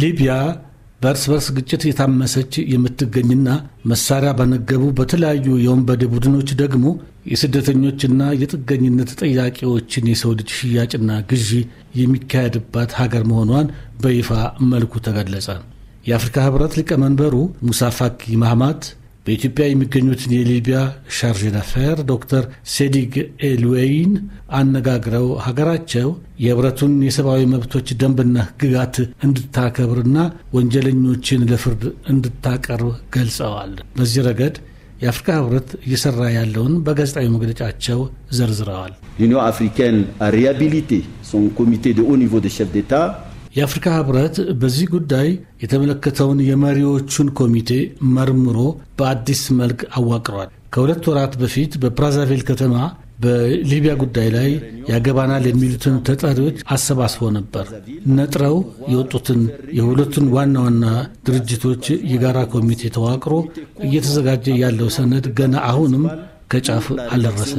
ሊቢያ በእርስ በርስ ግጭት የታመሰች የምትገኝና መሳሪያ ባነገቡ በተለያዩ የወንበዴ ቡድኖች ደግሞ የስደተኞችና የጥገኝነት ጥያቄዎችን የሰው ልጅ ሽያጭና ግዢ የሚካሄድባት ሀገር መሆኗን በይፋ መልኩ ተገለጸ። የአፍሪካ ሕብረት ሊቀመንበሩ ሙሳ ፋኪ ማህማት በኢትዮጵያ የሚገኙትን የሊቢያ ሻርዥ ዳፌር ዶክተር ሴዲግ ኤልዌይን አነጋግረው ሀገራቸው የህብረቱን የሰብአዊ መብቶች ደንብና ህግጋት እንድታከብርና ወንጀለኞችን ለፍርድ እንድታቀርብ ገልጸዋል። በዚህ ረገድ የአፍሪካ ህብረት እየሰራ ያለውን በጋዜጣዊ መግለጫቸው ዘርዝረዋል። ዩኒዮን አፍሪካን ሪያቢሊቴ ሶን ኮሚቴ ደ ኒቮ ደ ሸፍ የአፍሪካ ህብረት በዚህ ጉዳይ የተመለከተውን የመሪዎቹን ኮሚቴ መርምሮ በአዲስ መልክ አዋቅሯል። ከሁለት ወራት በፊት በብራዛቪል ከተማ በሊቢያ ጉዳይ ላይ ያገባናል የሚሉትን ተጠሪዎች አሰባስቦ ነበር። ነጥረው የወጡትን የሁለቱን ዋና ዋና ድርጅቶች የጋራ ኮሚቴ ተዋቅሮ እየተዘጋጀ ያለው ሰነድ ገና አሁንም ከጫፍ አልደረሰም።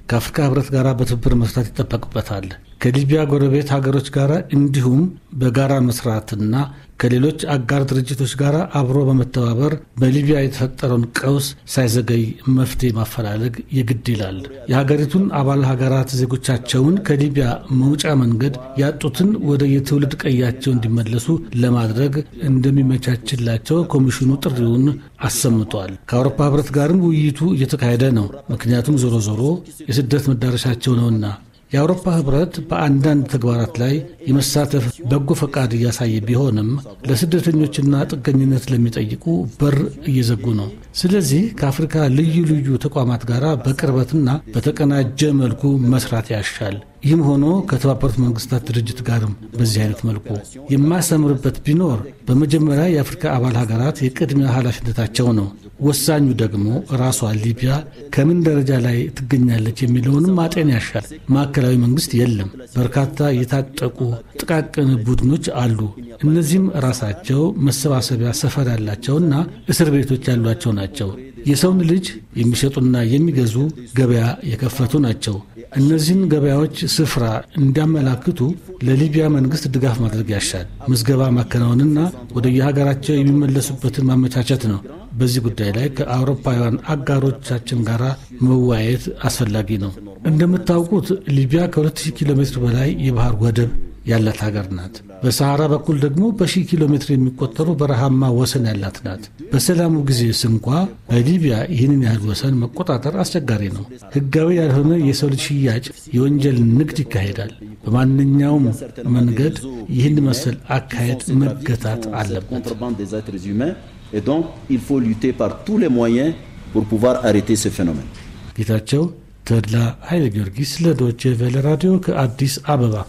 ከአፍሪካ ህብረት ጋር በትብብር መስራት ይጠበቅበታል። ከሊቢያ ጎረቤት ሀገሮች ጋር እንዲሁም በጋራ መስራትና ከሌሎች አጋር ድርጅቶች ጋር አብሮ በመተባበር በሊቢያ የተፈጠረውን ቀውስ ሳይዘገይ መፍትሄ ማፈላለግ የግድ ይላል። የሀገሪቱን አባል ሀገራት ዜጎቻቸውን ከሊቢያ መውጫ መንገድ ያጡትን ወደ የትውልድ ቀያቸው እንዲመለሱ ለማድረግ እንደሚመቻችላቸው ኮሚሽኑ ጥሪውን አሰምቷል። ከአውሮፓ ህብረት ጋርም ውይይቱ እየተካሄደ ነው። ምክንያቱም ዞሮ ዞሮ የስደት መዳረሻቸው ነውና የአውሮፓ ህብረት በአንዳንድ ተግባራት ላይ የመሳተፍ በጎ ፈቃድ እያሳየ ቢሆንም ለስደተኞችና ጥገኝነት ለሚጠይቁ በር እየዘጉ ነው። ስለዚህ ከአፍሪካ ልዩ ልዩ ተቋማት ጋር በቅርበትና በተቀናጀ መልኩ መስራት ያሻል። ይህም ሆኖ ከተባበሩት መንግስታት ድርጅት ጋርም በዚህ አይነት መልኩ የማሰምርበት ቢኖር በመጀመሪያ የአፍሪካ አባል ሀገራት የቅድሚያ ኃላፊነታቸው ነው። ወሳኙ ደግሞ ራሷ ሊቢያ ከምን ደረጃ ላይ ትገኛለች የሚለውንም ማጤን ያሻል። ማዕከላዊ መንግስት የለም። በርካታ የታጠቁ ጥቃቅን ቡድኖች አሉ። እነዚህም ራሳቸው መሰባሰቢያ ሰፈር ያላቸውና እስር ቤቶች ያሏቸው ናቸው። የሰውን ልጅ የሚሸጡና የሚገዙ ገበያ የከፈቱ ናቸው። እነዚህን ገበያዎች ስፍራ እንዲያመላክቱ ለሊቢያ መንግስት ድጋፍ ማድረግ ያሻል። ምዝገባ ማከናወንና ወደ የሀገራቸው የሚመለሱበትን ማመቻቸት ነው። በዚህ ጉዳይ ላይ ከአውሮፓውያን አጋሮቻችን ጋር መወያየት አስፈላጊ ነው። እንደምታውቁት ሊቢያ ከ200 ኪሎ ሜትር በላይ የባህር ወደብ ያላት ሀገር ናት። በሰሐራ በኩል ደግሞ በሺህ ኪሎ ሜትር የሚቆጠሩ በረሃማ ወሰን ያላት ናት። በሰላሙ ጊዜ ስንኳ በሊቢያ ይህንን ያህል ወሰን መቆጣጠር አስቸጋሪ ነው። ህጋዊ ያልሆነ የሰው ልጅ ሽያጭ፣ የወንጀል ንግድ ይካሄዳል። በማንኛውም መንገድ ይህን መሰል አካሄድ መገታት አለበት። ጌታቸው ተድላ ኃይለ ጊዮርጊስ ለዶቼ ቬለ ራዲዮ ከአዲስ አበባ